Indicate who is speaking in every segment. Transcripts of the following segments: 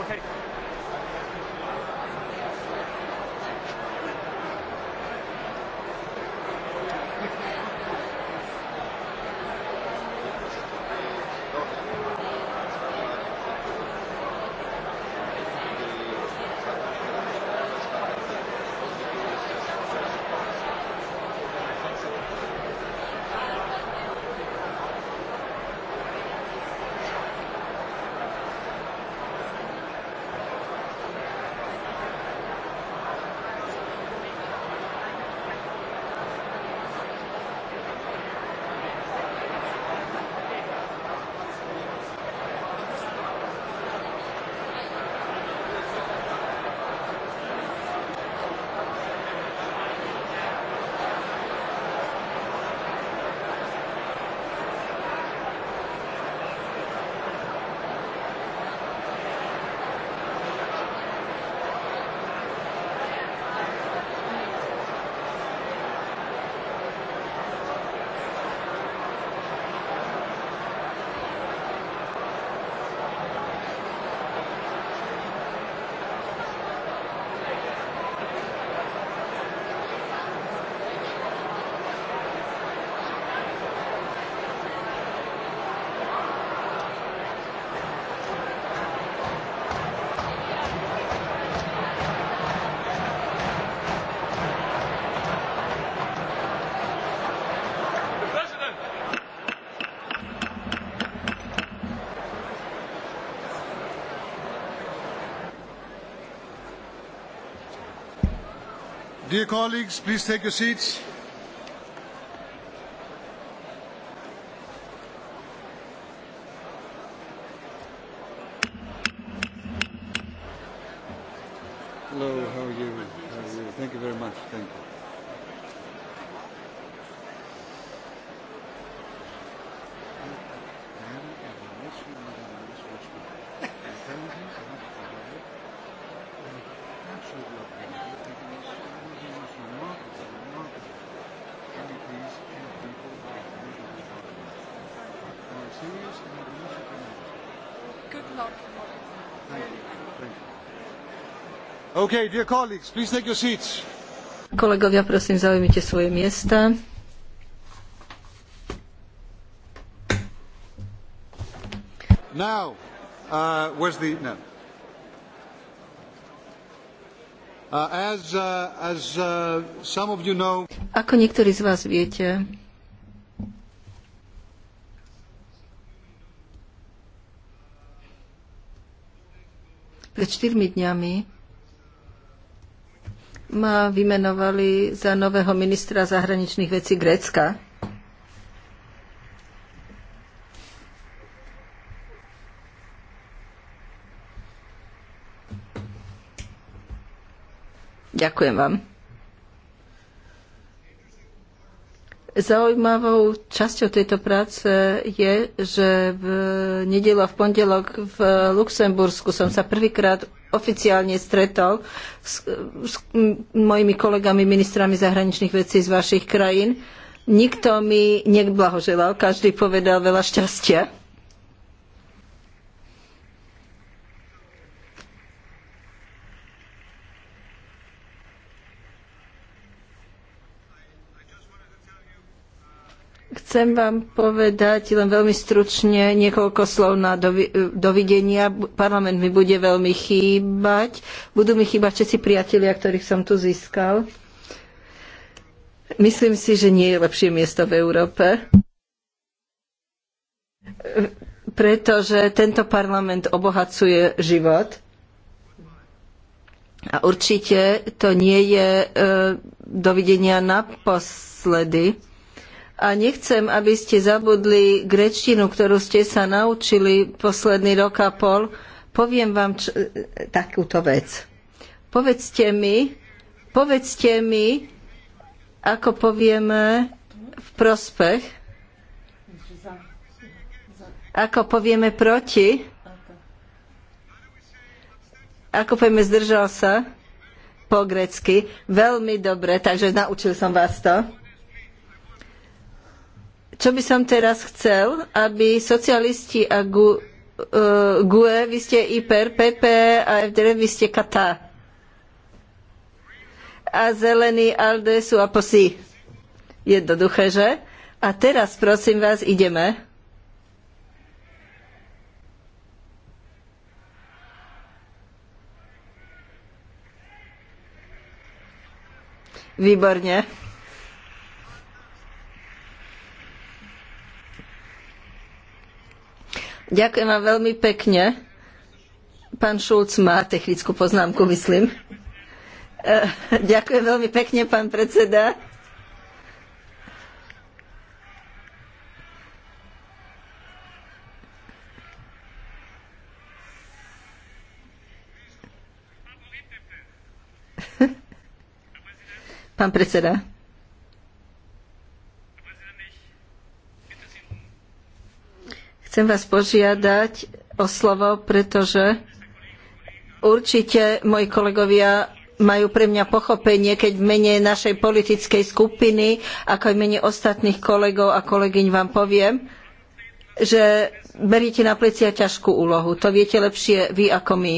Speaker 1: Okay. Dear colleagues, please take your seats. good luck. Okay, dear colleagues, please take your seats. Kolegovia, prosím, zaujmite svoje miesta. Now, uh, where's the... No. Uh, as, uh, as, uh, some of you know... Ako niektorí z vás viete, pred 4 dňami ma vymenovali za nového ministra zahraničných vecí Grécka. Ďakujem vám. Zaujímavou časťou tejto práce je, že v nedelu a v pondelok v Luxembursku som sa prvýkrát oficiálne stretol s, s mojimi kolegami, ministrami zahraničných vecí z vašich krajín. Nikto mi neblahoželal, každý povedal veľa šťastia. Chcem vám povedať len veľmi stručne niekoľko slov na dovi- dovidenia. Parlament mi bude veľmi chýbať. Budú mi chýbať všetci priatelia, ktorých som tu získal. Myslím si, že nie je lepšie miesto v Európe pretože tento parlament obohacuje život. A určite to nie je e, dovidenia naposledy a nechcem, aby ste zabudli grečtinu, ktorú ste sa naučili posledný rok a pol. Poviem vám č- takúto vec. Povedzte mi, povedzte mi, ako povieme v prospech, ako povieme proti, ako povieme zdržal sa po grecky. Veľmi dobre, takže naučil som vás to. Čo by som teraz chcel, aby socialisti a GU, uh, GUE, vy ste IPR, PP a FDR, vy ste KATA. A zelení ALDE sú aposí. Jednoduché, že? A teraz, prosím vás, ideme. Výborne. Ďakujem vám veľmi pekne. Pán Šulc má technickú poznámku, myslím. E, ďakujem veľmi pekne, pán predseda. Pán predseda. Chcem vás požiadať o slovo, pretože určite moji kolegovia majú pre mňa pochopenie, keď v mene našej politickej skupiny, ako aj v mene ostatných kolegov a kolegyň vám poviem, že beriete na plecia ťažkú úlohu. To viete lepšie vy ako my.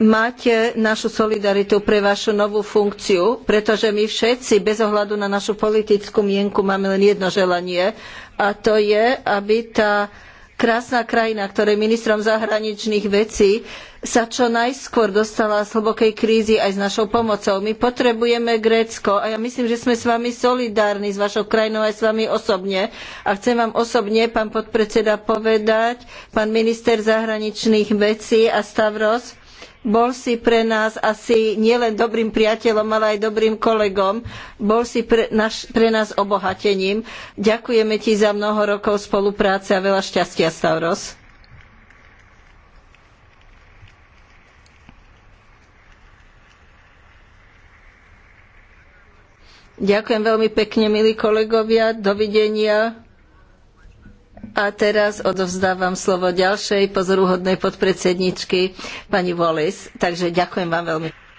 Speaker 1: Máte našu solidaritu pre vašu novú funkciu, pretože my všetci, bez ohľadu na našu politickú mienku, máme len jedno želanie a to je, aby tá krásna krajina, ktorej ministrom zahraničných vecí sa čo najskôr dostala z hlbokej krízy aj s našou pomocou. My potrebujeme Grécko a ja myslím, že sme s vami solidárni, s vašou krajinou aj s vami osobne. A chcem vám osobne, pán podpredseda, povedať, pán minister zahraničných vecí a Stavros, bol si pre nás asi nielen dobrým priateľom, ale aj dobrým kolegom. Bol si pre, naš, pre nás obohatením. Ďakujeme ti za mnoho rokov spolupráce a veľa šťastia, Stavros. Ďakujem veľmi pekne, milí kolegovia. Dovidenia. A teraz odovzdávam slovo ďalšej pozoruhodnej podpredsedničky, pani Wallis. Takže ďakujem vám veľmi.